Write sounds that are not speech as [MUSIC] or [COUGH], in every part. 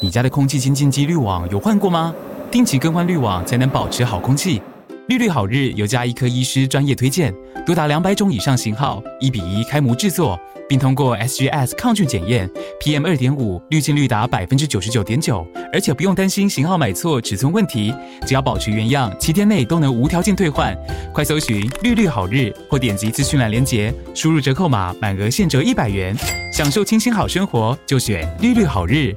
你家的空氣清新機濾網有換過嗎？定期更換濾網才能保持好空氣。綠綠好日由家醫科醫師專業推薦，多達兩百種以上型號，一比一開模制作，並通過 SGS 抗菌檢驗，PM 二點五濾淨率達百分之九十九點九，而且不用擔心型號買錯尺寸問題，只要保持原樣，七天內都能無條件退換。快搜尋綠綠好日，或點擊資訊欄鏈接，輸入折扣碼，滿額現折一百元，享受清新好生活，就選綠綠好日。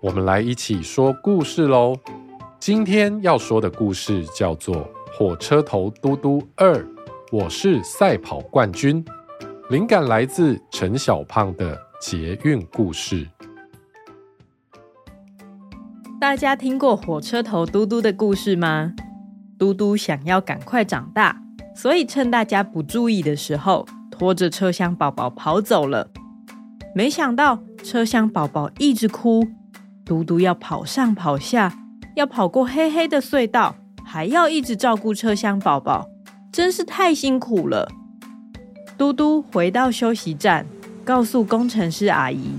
我們來一起說故事嘍！今天要說的故事叫做《火車頭嘟嘟二》，我是賽跑冠軍。靈感來自陳小胖的捷運故事。大家聽過火車頭嘟嘟的故事嗎？嘟嘟想要趕快長大，所以趁大家不注意的時候，拖着車廂寶寶跑走了。沒想到車廂寶寶一直哭。嘟嘟要跑上跑下，要跑過黑黑的隧道，還要一直照顧車廂寶寶，真是太辛苦了。嘟嘟回到休息站，告訴工程師阿姨：“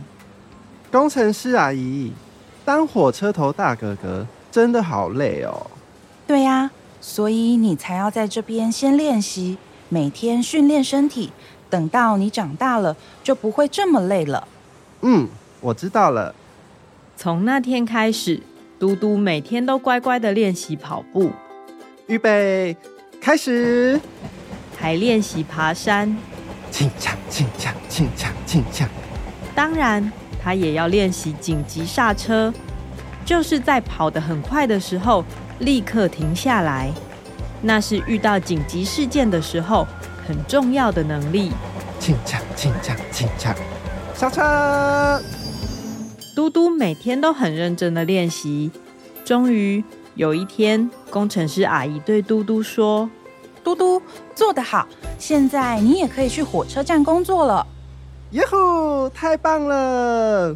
工程師阿姨，當火車頭大哥哥真的好累哦。”“對呀、啊，所以你才要在這邊先練習，每天訓練身體，等到你長大了就不會這麼累了。”“嗯，我知道了。”從那天開始，嘟嘟每天都乖乖的練習跑步。預備，開始！還練習爬山。輕搶，輕搶，輕搶，輕搶。當然，他也要練習緊急剎車，就是在跑得很快的時候立刻停下來。那是遇到緊急事件的時候很重要的能力。輕搶，輕搶，輕搶，剎車！嘟嘟每天都很認真的練習，終於有一天，工程師阿姨對嘟嘟說：“嘟嘟做得好，現在你也可以去火車站工作了。”耶吼！太棒了！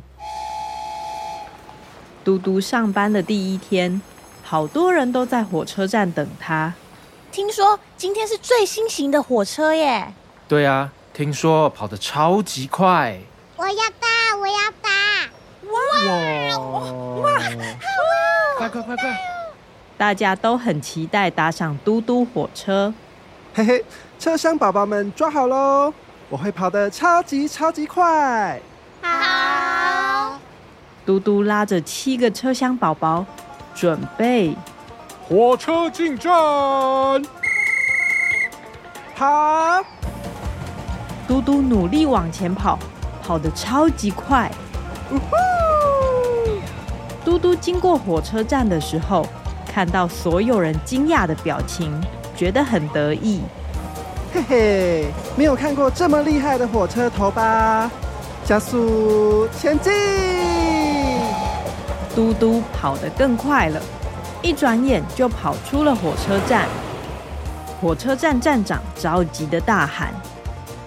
嘟嘟上班的第一天，好多人都在火車站等他。聽說今天是最新型的火車耶？對啊，聽說跑得超級快。我要到，我要。哇！哇！快快快快！油大家都很期待搭上嘟嘟火車，嘿嘿！車廂寶寶們抓好嘍，我會跑得超級超級快！好！嘟嘟拉着七個車廂寶寶，準備火車進站！好爬！嘟嘟努力往前跑，跑得超級快！呃嘟嘟經過火車站的時候，看到所有人驚訝的表情，覺得很得意。嘿嘿，沒有看過這麼厲害的火車頭吧？加速前進！嘟嘟跑得更快了，一轉眼就跑出了火車站。火車站站長着急的大喊：“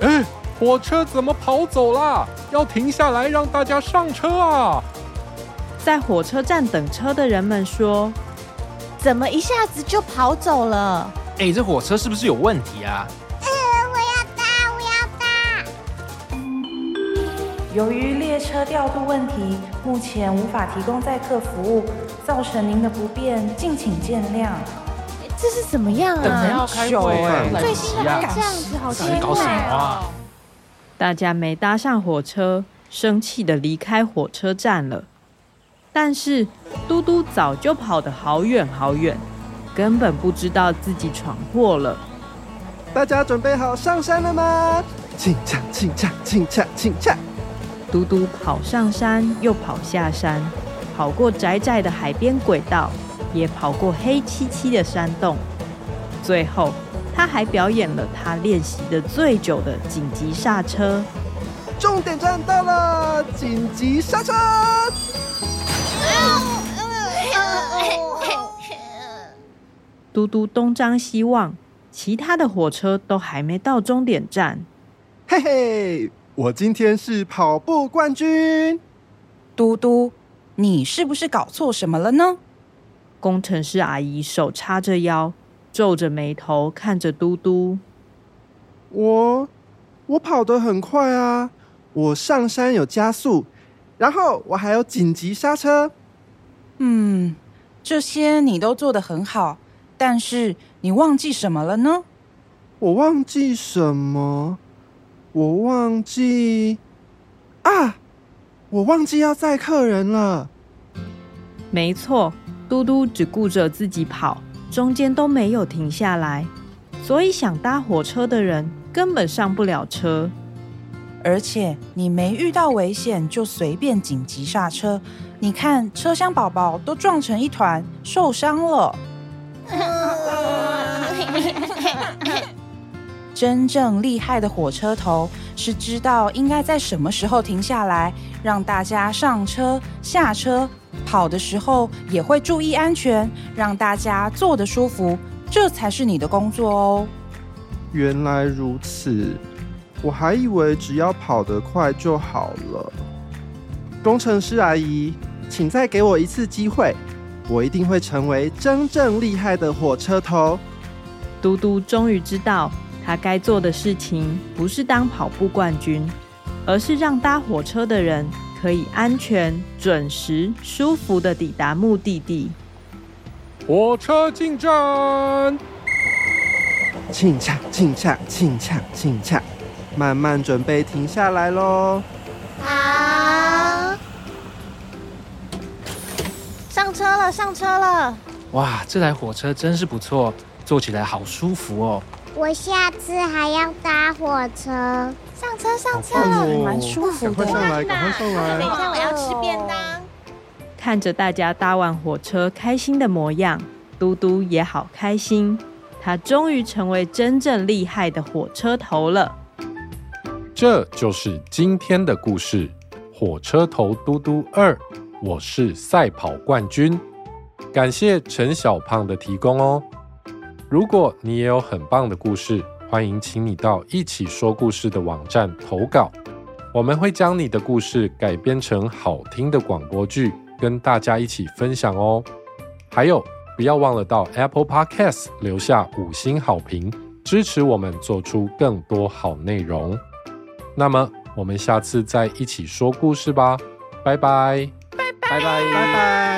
哎，火車怎麼跑走了？要停下來讓大家上車啊！”在火車站等車的人們說：“怎麼一下子就跑走了？哎，這火車是不是有問題啊？”我要搭，我要搭。由於列車調度問題，目前無法提供載客服務，造成您的不便，敬請見諒。這是怎麼樣啊？等着要開會，最新的趕時好艱難啊！大家沒搭上火車，生氣的離開火車站了。但是，嘟嘟早就跑得好遠好遠，根本不知道自己闖禍了。大家準備好上山了嗎？請唱，請唱，請唱，請唱。嘟嘟跑上山，又跑下山，跑過窄窄的海邊軌道，也跑過黑漆漆的山洞。最後，他還表演了他練習的最久的緊急剎車。終點站到了，緊急剎車！ [LAUGHS] 嘟嘟東張西望，其他的火車都還沒到終點站。嘿嘿，我今天是跑步冠軍。嘟嘟，你是不是搞錯什麼了呢？工程師阿姨手叉着腰，皺着眉頭看着嘟嘟。我我跑得很快啊，我上山有加速，然後我還有緊急剎車。嗯，這些你都做得很好，但是你忘記什麼了呢？我忘記什麼？我忘記啊！我忘記要載客人了。沒錯，嘟嘟只顧着自己跑，中間都沒有停下來，所以想搭火車的人根本上不了車。而且你沒遇到危險就隨便緊急剎車，你看車廂寶寶都撞成一團，受傷了。 [LAUGHS] 真正厲害的火車頭是知道應該在什麼時候停下來，讓大家上車下車；跑的時候也會注意安全，讓大家坐得舒服。這才是你的工作哦。原來如此。我還以為只要跑得快就好了。工程師阿姨，請再給我一次機會，我一定會成為真正厲害的火車頭。嘟嘟終於知道，他該做的事情不是當跑步冠軍，而是讓搭火車的人可以安全、準時、舒服地抵達目的地。火車進站，進站，進站，進站。慢慢準備停下來嘍。好、啊，上車了，上車了！哇，這台火車真是不錯，坐起來好舒服哦。我下次還要搭火車。上車，上車，了！哦、滿舒服的，趕快上來，趕快上來！等一下，我要吃便當。看着大家搭完火車開心的模樣，哦、嘟嘟也好開心。他終於成為真正厲害的火車頭了。這就是今天的故事，《火車頭嘟嘟二》，我是賽跑冠軍。感謝陳小胖的提供哦。如果你也有很棒的故事，歡迎請你到一起說故事的網站投稿，我們會將你的故事改編成好聽的廣播劇，跟大家一起分享哦。還有，不要忘了到 Apple Podcast 留下五星好評，支持我們做出更多好內容。那麼，我們下次再一起說故事吧，拜拜，拜拜，拜拜。